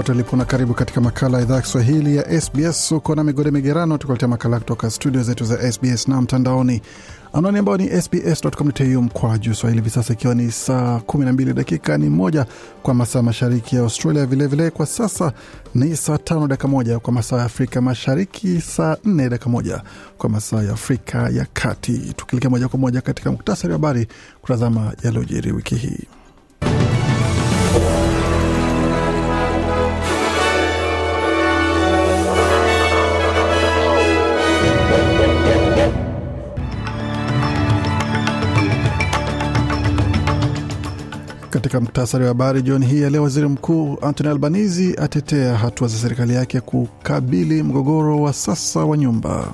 popote ulipo na karibu katika makala ya idhaa ya Kiswahili ya SBS. Uko na migode migerano, tukuletea makala kutoka studio zetu za SBS na mtandaoni, anwani ambayo ni sbs.com.au juu swahili. Hivi sasa ikiwa ni saa 12 dakika ni moja kwa masaa mashariki ya Australia, vilevile vile kwa sasa ni saa tano dakika moja kwa masaa ya Afrika Mashariki, saa 4 dakika moja kwa masaa ya Afrika ya Kati. Tukilekea moja kwa moja katika muktasari wa habari kutazama yaliyojiri wiki hii. Katika mktasari wa habari jioni hii ya leo, waziri mkuu antony albanizi atetea hatua za serikali yake kukabili mgogoro wa sasa wa nyumba.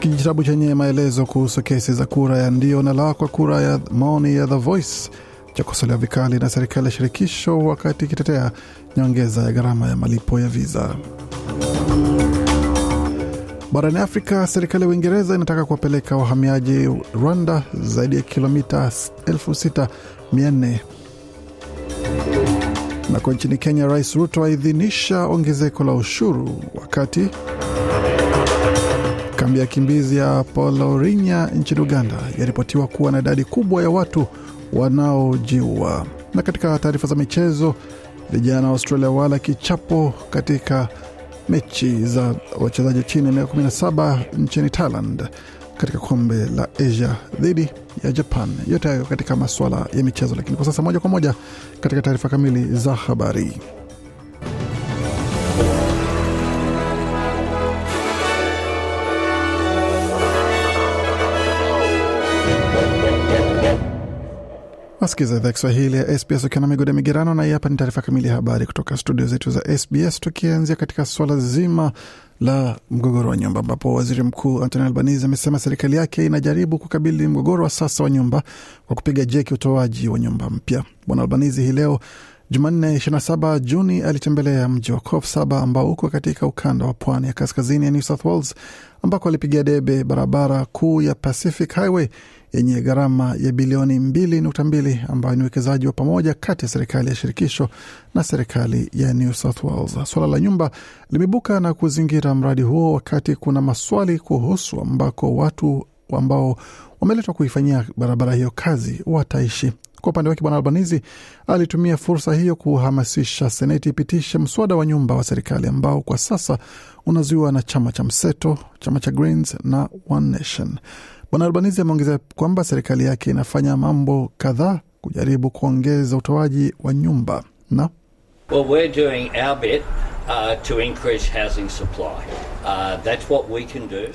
Kijitabu chenye maelezo kuhusu kesi za kura ya ndio na la kwa kura ya maoni ya The Voice chakosolewa vikali na serikali ya shirikisho wakati ikitetea nyongeza ya gharama ya malipo ya viza. Barani Afrika, serikali ya Uingereza inataka kuwapeleka wahamiaji Rwanda zaidi ya kilomita 6400 nako nchini Kenya, Rais Ruto aidhinisha ongezeko la ushuru, wakati kambi ya kimbizi ya Polorinya nchini Uganda yaripotiwa kuwa na idadi kubwa ya watu wanaojiua. Na katika taarifa za michezo, vijana wa Australia wala kichapo katika mechi za wachezaji chini ya miaka 17 nchini Thailand katika kombe la Asia dhidi ya Japan. Yote hayo katika masuala ya michezo, lakini kwa sasa moja kwa moja katika taarifa kamili za habari. Wasikiza idhaa Kiswahili ya SBS ukiwa na migode migerano, na hii hapa ni taarifa kamili ya habari kutoka studio zetu za SBS, tukianzia katika swala zima la mgogoro wa nyumba ambapo waziri mkuu Anthony Albanese amesema serikali yake inajaribu kukabili mgogoro wa sasa wa nyumba kwa kupiga jeki utoaji wa nyumba mpya. Bwana Albanese hii leo Jumanne 27 Juni alitembelea mji wa Cof Saba ambao uko katika ukanda wa pwani ya kaskazini ya New South Wales, ambako alipiga debe barabara kuu ya Pacific Highway yenye gharama ya bilioni 2.2 ambayo ni uwekezaji wa pamoja kati ya serikali ya shirikisho na serikali ya New South Wales. Suala la nyumba limebuka na kuzingira mradi huo, wakati kuna maswali kuhusu ambako watu ambao wameletwa kuifanyia barabara hiyo kazi wataishi. Kwa upande wake, bwana Albanizi alitumia fursa hiyo kuhamasisha Seneti ipitishe mswada wa nyumba wa serikali ambao kwa sasa unazuiwa na chama cha mseto, chama cha Greens na One Nation. Bwana Albanizi ameongeza kwamba serikali yake inafanya mambo kadhaa kujaribu kuongeza utoaji wa nyumba na well, we're doing our bit, uh, to increase housing supply. Uh, that's what we can do.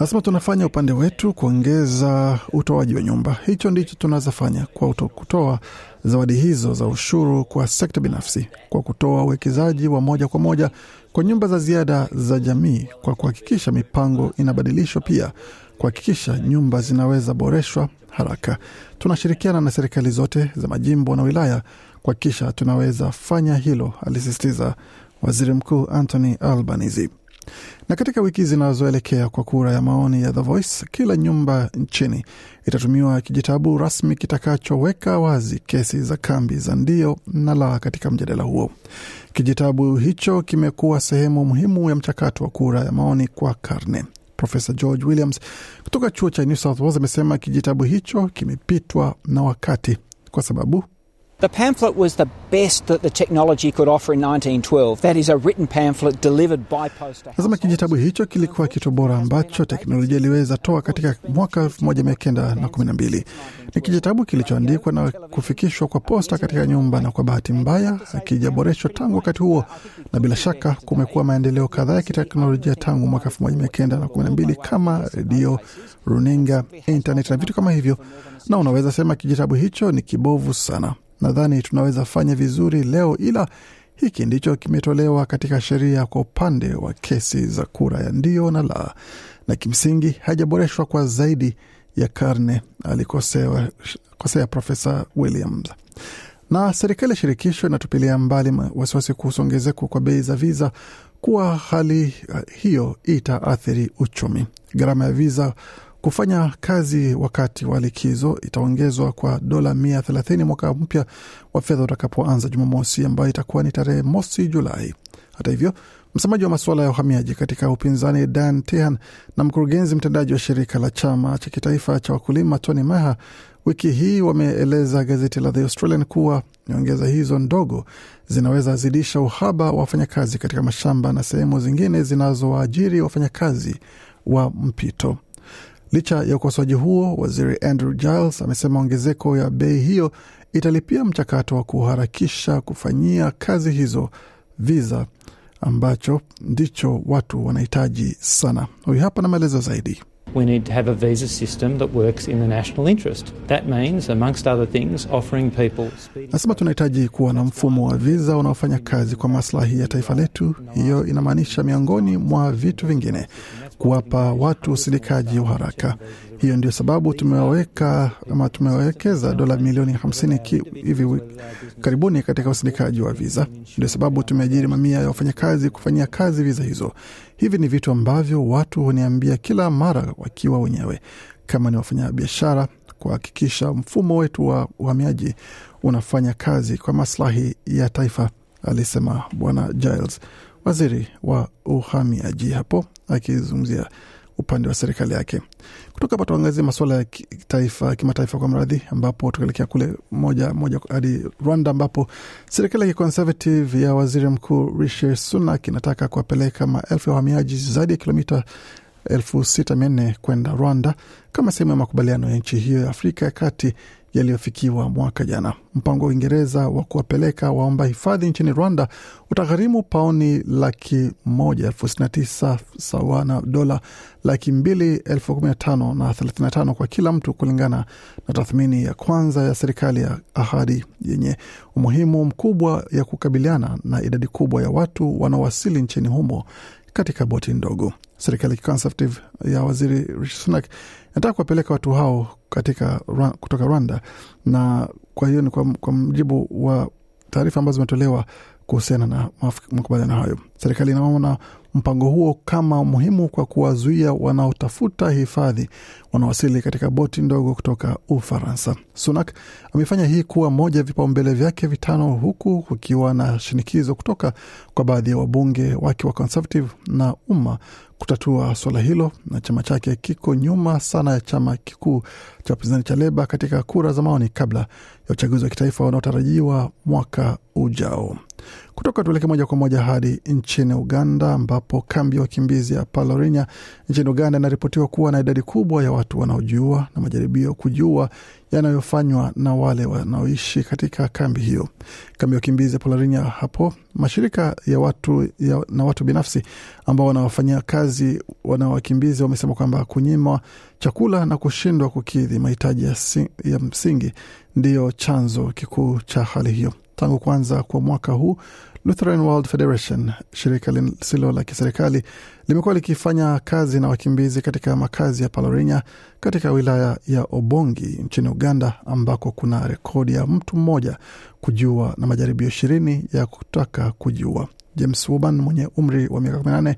Lazima tunafanya upande wetu kuongeza utoaji wa nyumba. Hicho ndicho tunawezafanya kwa kutoa zawadi hizo za ushuru kwa sekta binafsi, kwa kutoa uwekezaji wa moja kwa moja kwa nyumba za ziada za jamii, kwa kuhakikisha mipango inabadilishwa, pia kuhakikisha nyumba zinaweza boreshwa haraka. Tunashirikiana na serikali zote za majimbo na wilaya kuhakikisha tunaweza fanya hilo, alisisitiza Waziri Mkuu Anthony Albanese. Na katika wiki zinazoelekea kwa kura ya maoni ya The Voice, kila nyumba nchini itatumiwa kijitabu rasmi kitakachoweka wazi kesi za kambi za ndio na la katika mjadala huo. Kijitabu hicho kimekuwa sehemu muhimu ya mchakato wa kura ya maoni kwa karne. Profesa George Williams kutoka chuo cha New South Wales amesema kijitabu hicho kimepitwa na wakati kwa sababu The pamphlet was the best that the technology could offer in 1912. That is a written pamphlet delivered by post. Nasema kijitabu hicho kilikuwa kitu bora ambacho teknolojia iliweza toa katika mwaka 1912. Ni kijitabu kilichoandikwa na kufikishwa kwa posta katika nyumba, na kwa bahati mbaya hakijaboreshwa tangu wakati huo, na bila shaka kumekuwa maendeleo kadhaa ya kiteknolojia tangu mwaka 1912 kama redio, runinga, internet na vitu kama hivyo, na unaweza sema kijitabu hicho ni kibovu sana nadhani tunaweza fanya vizuri leo, ila hiki ndicho kimetolewa katika sheria kwa upande wa kesi za kura ya ndio na la, na kimsingi haijaboreshwa kwa zaidi ya karne, alikosea Profesa Williams. Na serikali ya shirikisho inatupilia mbali wasiwasi kuhusu ongezeko kwa bei za viza kuwa hali eh, hiyo itaathiri uchumi. Gharama ya viza Kufanya kazi wakati wa likizo itaongezwa kwa dola mia thelathini mwaka mpya wa fedha utakapoanza Jumamosi, ambayo itakuwa ni tarehe mosi Julai. Hata hivyo, msemaji wa masuala ya uhamiaji katika upinzani Dan Tehan na mkurugenzi mtendaji wa shirika la chama cha kitaifa cha wakulima Tony Maha wiki hii wameeleza gazeti la The Australian kuwa nyongeza hizo ndogo zinaweza zidisha uhaba wa wafanyakazi katika mashamba na sehemu zingine zinazowaajiri wafanyakazi wa mpito. Licha ya ukosoaji huo, waziri Andrew Giles amesema ongezeko ya bei hiyo italipia mchakato wa kuharakisha kufanyia kazi hizo viza ambacho ndicho watu wanahitaji sana. Huyu hapa na maelezo zaidi. We need to have a visa system that works in the national interest. That means, amongst other things, offering people speedy... Nasema tunahitaji kuwa na mfumo wa viza unaofanya kazi kwa maslahi ya taifa letu. Hiyo inamaanisha miongoni mwa vitu vingine kuwapa watu usindikaji wa haraka. Hiyo ndio sababu tumeweka ama tumewekeza dola milioni 50 hivi karibuni katika usindikaji wa viza. Ndio sababu tumeajiri mamia ya wafanyakazi kufanyia kazi viza hizo. Hivi ni vitu ambavyo watu huniambia kila mara wakiwa wenyewe, kama ni wafanyabiashara, kuhakikisha mfumo wetu wa uhamiaji unafanya kazi kwa maslahi ya taifa, alisema Bwana Giles waziri wa uhamiaji hapo akizungumzia upande wa serikali yake. Kutoka hapa tuangazie masuala ya kitaifa kimataifa kwa mradhi, ambapo tukaelekea kule moja moja hadi Rwanda, ambapo serikali ya Conservative ya waziri mkuu Rishi Sunak inataka kuwapeleka maelfu ya wahamiaji zaidi ya kilomita elfu sita mia nne kwenda Rwanda kama sehemu ya makubaliano ya nchi hiyo ya Afrika ya kati yaliyofikiwa mwaka jana. Mpango wa Uingereza wa kuwapeleka waomba hifadhi nchini Rwanda utagharimu pauni laki moja elfu sitini na tisa sawa na dola laki mbili elfu kumi na tano na thelathini na tano kwa kila mtu, kulingana na tathmini ya kwanza ya serikali ya ahadi yenye umuhimu mkubwa ya kukabiliana na idadi kubwa ya watu wanaowasili nchini humo katika boti ndogo. Serikali ya Conservative ya waziri Rishi Sunak nataka kuwapeleka watu hao katika kutoka Rwanda, na kwa hiyo ni kwa, kwa mjibu wa taarifa ambazo zimetolewa kuhusiana na makubaliano hayo. Serikali inaona mpango huo kama muhimu kwa kuwazuia wanaotafuta hifadhi wanaowasili katika boti ndogo kutoka Ufaransa. Sunak amefanya hii kuwa moja ya vipaumbele vyake vitano, huku kukiwa na shinikizo kutoka kwa baadhi ya wabunge wake wa Conservative na umma kutatua suala hilo, na chama chake kiko nyuma sana ya chama kikuu cha upinzani cha Leba katika kura za maoni kabla ya uchaguzi wa kitaifa unaotarajiwa mwaka ujao. Kutoka tuelekee moja kwa moja hadi nchini Uganda, ambapo kambi ya wakimbizi ya Palorinya nchini Uganda inaripotiwa kuwa na idadi kubwa ya watu wanaojiua na majaribio kujiua yanayofanywa na wale wanaoishi katika kambi hiyo. Kambi ya wakimbizi ya Palorinya hapo, mashirika ya watu ya, na watu binafsi ambao wanawafanyia kazi wanawakimbizi wamesema kwamba kunyimwa chakula na kushindwa kukidhi mahitaji ya, ya msingi ndiyo chanzo kikuu cha hali hiyo tangu kuanza kwa mwaka huu, Lutheran World Federation, shirika lisilo la kiserikali, limekuwa likifanya kazi na wakimbizi katika makazi ya Palorinya katika wilaya ya Obongi nchini Uganda, ambako kuna rekodi ya mtu mmoja kujiua na majaribio ishirini ya kutaka kujiua. James Woban mwenye umri wa miaka 18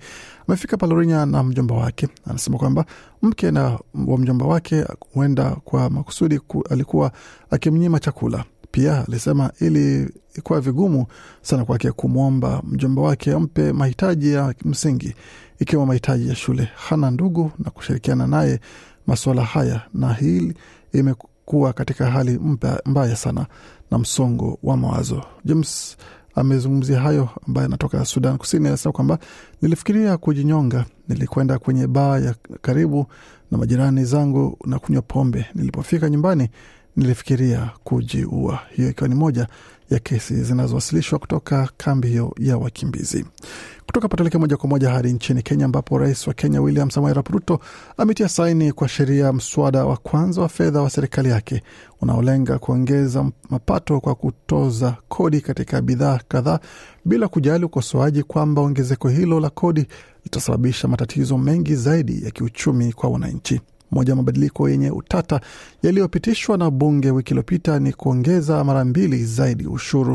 amefika Palorinya na mjomba wake. Anasema kwamba mke na wa mjomba wake huenda kwa makusudi ku, alikuwa akimnyima chakula. Pia alisema ilikuwa vigumu sana kwake kumwomba mjomba wake ampe mahitaji ya msingi ikiwemo mahitaji ya shule. Hana ndugu na kushirikiana naye masuala haya, na hili imekuwa katika hali mbaya sana na msongo wa mawazo. James amezungumzia hayo, ambaye anatoka Sudan Kusini. Anasema kwamba nilifikiria kujinyonga, nilikwenda kwenye baa ya karibu na majirani zangu na kunywa pombe. Nilipofika nyumbani nilifikiria kujiua, hiyo ikiwa ni moja ya kesi zinazowasilishwa kutoka kambi hiyo ya wakimbizi. Kutoka patoleke moja kwa moja hadi nchini Kenya, ambapo rais wa Kenya William Samoei Arap Ruto ametia saini kwa sheria mswada wa kwanza wa fedha wa serikali yake unaolenga kuongeza mapato kwa kutoza kodi katika bidhaa kadhaa bila kujali ukosoaji kwamba ongezeko hilo la kodi litasababisha matatizo mengi zaidi ya kiuchumi kwa wananchi. Moja ya mabadiliko yenye utata yaliyopitishwa na bunge wiki iliyopita ni kuongeza mara mbili zaidi ushuru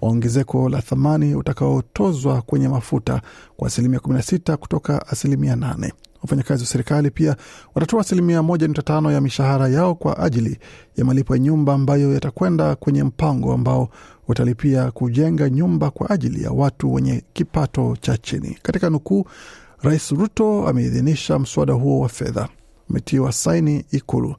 wa ongezeko la thamani utakaotozwa kwenye mafuta kwa asilimia 16 kutoka asilimia 8. Wafanyakazi wa serikali pia watatoa asilimia 1.5 ya mishahara yao kwa ajili ya malipo ya nyumba ambayo yatakwenda kwenye mpango ambao utalipia kujenga nyumba kwa ajili ya watu wenye kipato cha chini. Katika nukuu, Rais Ruto ameidhinisha mswada huo wa fedha umetiwa saini Ikulu.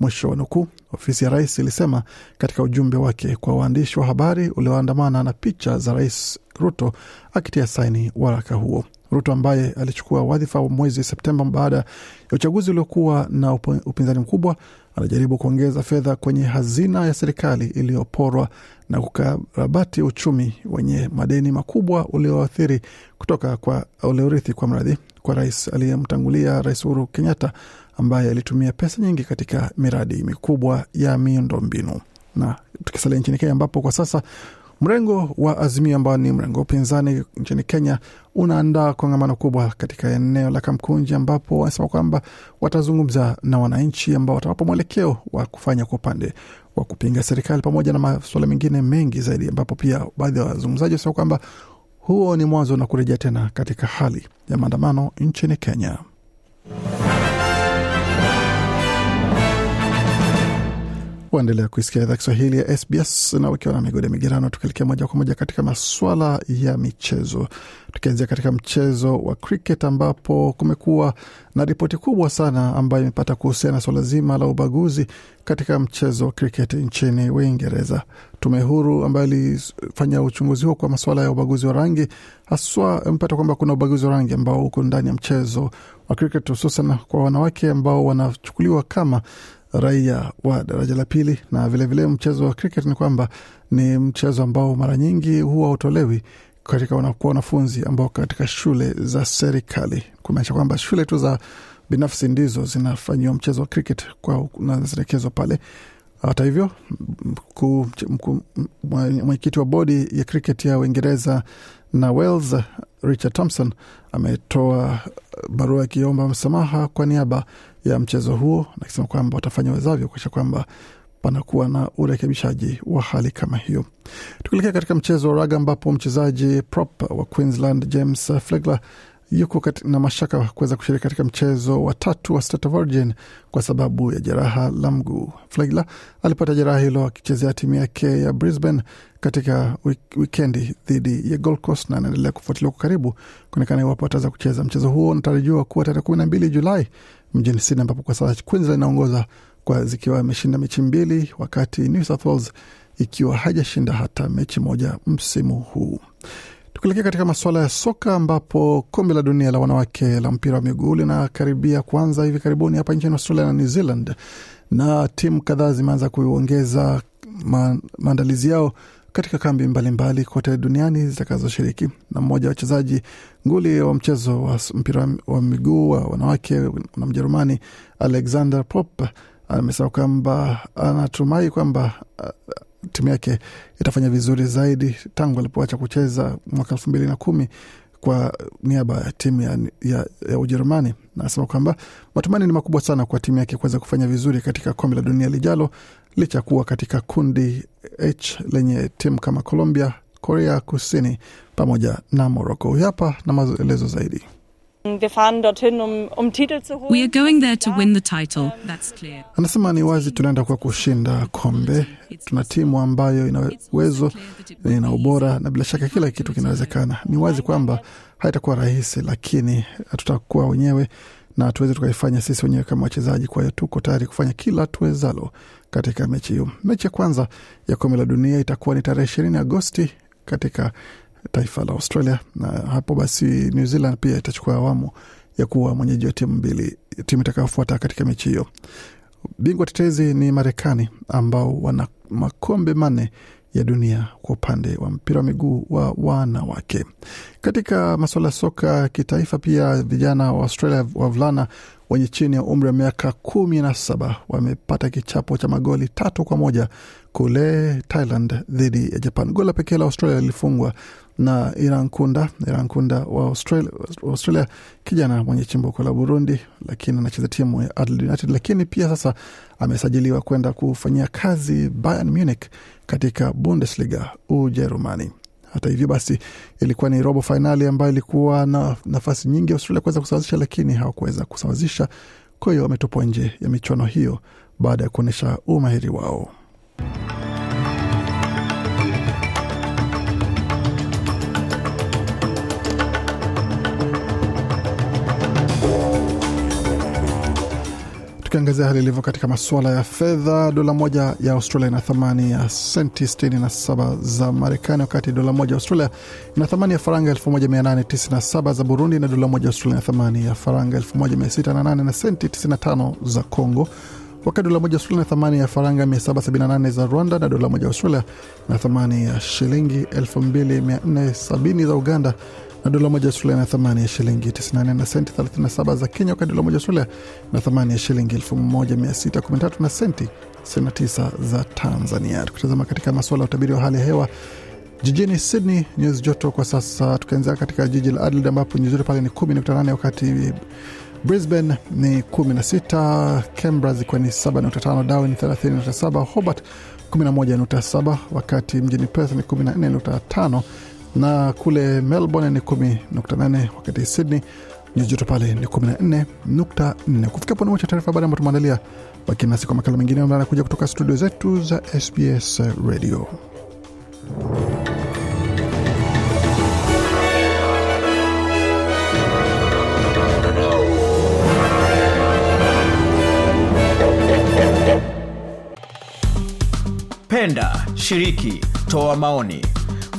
Mwisho wa nukuu. Ofisi ya rais ilisema katika ujumbe wake kwa waandishi wa habari ulioandamana na picha za Rais Ruto akitia saini waraka huo. Ruto ambaye alichukua wadhifa wa mwezi Septemba baada ya uchaguzi uliokuwa na upinzani mkubwa, anajaribu kuongeza fedha kwenye hazina ya serikali iliyoporwa na kukarabati uchumi wenye madeni makubwa ulioathiri kutoka kwa uliorithi kwa mradhi kwa rais aliyemtangulia Rais Uhuru Kenyatta ambaye alitumia pesa nyingi katika miradi mikubwa ya miundombinu. Na tukisalia nchini Kenya, ambapo kwa sasa mrengo wa Azimio ambao ni mrengo upinzani nchini Kenya unaandaa kongamano kubwa katika eneo la Kamkunji, ambapo wanasema kwamba watazungumza na wananchi ambao watawapa mwelekeo wa kufanya kwa upande wa kupinga serikali pamoja na masuala mengine mengi zaidi, ambapo pia baadhi ya wazungumzaji wanasema kwamba huo ni mwanzo na kurejea tena katika hali ya maandamano nchini Kenya. Waendelea kuisikia idhaa Kiswahili ya SBS na ukiwa na migode migerano, tukielekea moja kwa moja katika maswala ya michezo, tukianzia katika mchezo wa cricket ambapo kumekuwa na ripoti kubwa sana ambayo imepata kuhusiana na swala zima la ubaguzi katika mchezo wa cricket nchini Uingereza. Tume huru ambayo ilifanya uchunguzi huo kwa maswala ya ubaguzi wa rangi haswa, imepata kwamba kuna ubaguzi wa rangi ambao uko ndani ya mchezo wa cricket, hususan kwa wanawake ambao wanachukuliwa kama raia wa daraja la pili. Na vilevile vile mchezo wa cricket ni kwamba ni mchezo ambao mara nyingi huwa utolewi katika wanakuwa wanafunzi ambao katika shule za serikali, kumaanisha kwamba shule tu za binafsi ndizo zinafanyiwa mchezo wa cricket kwa nazelekezwa pale. Hata hivyo, mwenyekiti wa bodi ya cricket ya Uingereza na Wales Richard Thompson ametoa barua akiomba msamaha kwa niaba ya mchezo huo, nakisema kwamba watafanya wezavyo kuakisha kwamba panakuwa na urekebishaji wa hali kama hiyo. Tukielekea katika mchezo wa raga ambapo mchezaji prop wa Queensland James Flegler yuko na mashaka kuweza kushiriki katika mchezo wa tatu wa State of Origin kwa sababu ya jeraha la mguu. Flegler alipata jeraha hilo akichezea timu yake ya Brisbane katika wikendi dhidi ya Gold Coast na anaendelea kufuatiliwa kwa karibu kuonekana iwapo ataweza kucheza mchezo huo. Unatarajiwa kuwa tarehe kumi na mbili Julai mjini Sydney, ambapo kwa sasa Queensland inaongoza kwa zikiwa ameshinda mechi mbili, wakati New South Wales ikiwa hajashinda hata mechi moja msimu huu. Tukielekea katika masuala ya soka ambapo kombe la dunia la wanawake la mpira wa miguu linakaribia kuanza hivi karibuni hapa nchini Australia na New Zealand, na timu kadhaa zimeanza kuongeza maandalizi yao katika kambi mbalimbali mbali kote duniani zitakazoshiriki. Na mmoja wa wachezaji nguli wa mchezo wa mpira wa miguu wa wanawake na Mjerumani Alexander Pop amesema kwamba anatumai kwamba timu yake itafanya vizuri zaidi tangu alipoacha kucheza mwaka elfu mbili na kumi kwa niaba ya timu ya, ya, ya Ujerumani. Anasema kwamba matumaini ni makubwa sana kwa timu yake kuweza kufanya vizuri katika kombe la dunia lijalo, licha kuwa katika kundi H lenye timu kama Colombia, Korea Kusini pamoja na Moroko. Huyu hapa na maelezo zaidi. Um, um We are going there to win the title. That's clear. Anasema ni wazi tunaenda kwa kushinda kombe. Tuna timu ambayo ina uwezo, ina ubora na bila shaka kila kitu kinawezekana. Ni wazi kwamba haitakuwa rahisi, lakini tutakuwa wenyewe na tuweze tukaifanya sisi wenyewe kama wachezaji. Kwa hiyo tuko tayari kufanya kila tuwezalo katika mechi hiyo. Mechi ya kwanza ya kombe la dunia itakuwa ni tarehe ishirini Agosti katika taifa la Australia, na hapo basi New Zealand pia itachukua awamu ya kuwa mwenyeji wa timu mbili, timu itakayofuata katika mechi hiyo. Bingwa tetezi ni Marekani ambao wana makombe manne ya dunia kwa upande wa mpira wa miguu wa wanawake. Katika masuala ya soka kitaifa pia vijana wa Australia wavulana wenye chini ya umri wa miaka kumi na saba wamepata kichapo cha magoli tatu kwa moja kule Thailand dhidi ya Japan. Goli la pekee la Australia lilifungwa na Irankunda Irankunda wa Australia, Australia, kijana mwenye chimbuko la Burundi, lakini anacheza timu ya Adelaide United, lakini pia sasa amesajiliwa kwenda kufanyia kazi Bayern Munich katika Bundesliga Ujerumani. Hata hivyo basi, ilikuwa ni robo fainali ambayo ilikuwa na nafasi nyingi Australia kuweza kusawazisha, lakini hawakuweza kusawazisha. Kwa hiyo wametupwa nje ya michuano hiyo baada ya kuonyesha umahiri wao. tuangazie hali ilivyo katika masuala ya fedha. Dola moja ya Australia ina thamani ya senti 67 za Marekani, wakati dola moja ya Australia ina thamani ya faranga 1897 za Burundi, na dola moja ya Australia ina thamani ya faranga 1608 na senti 95 za Congo, wakati dola moja ya Australia ina thamani ya faranga 778 za Rwanda, na dola moja ya Australia ina thamani ya shilingi 2470 za Uganda na dola moja Australia na thamani ya shilingi 94 na senti 37 za Kenya, wakati dola moja Australia na thamani ya shilingi 1613 na senti 69 za Tanzania. Tukitazama katika masuala ya utabiri wa hali ya hewa Jijini Sydney nyuzi joto kwa sasa, tukianzia katika jiji la Adelaide ambapo nyuzi joto pale ni 10.8, wakati Brisbane ni 16, Canberra zikiwa ni 7.5, Darwin 30.7, Hobart 11.7, wakati mjini Perth ni 14.5 na kule Melbourne ni 10.8, wakati Sydney nyuzi joto pale ni 14.4. Kufikia pone ni taarifa habari ambayo tumeandalia. Baki nasi kwa makala mengine ambayo anakuja kutoka studio zetu za SBS Radio. Penda, shiriki, toa maoni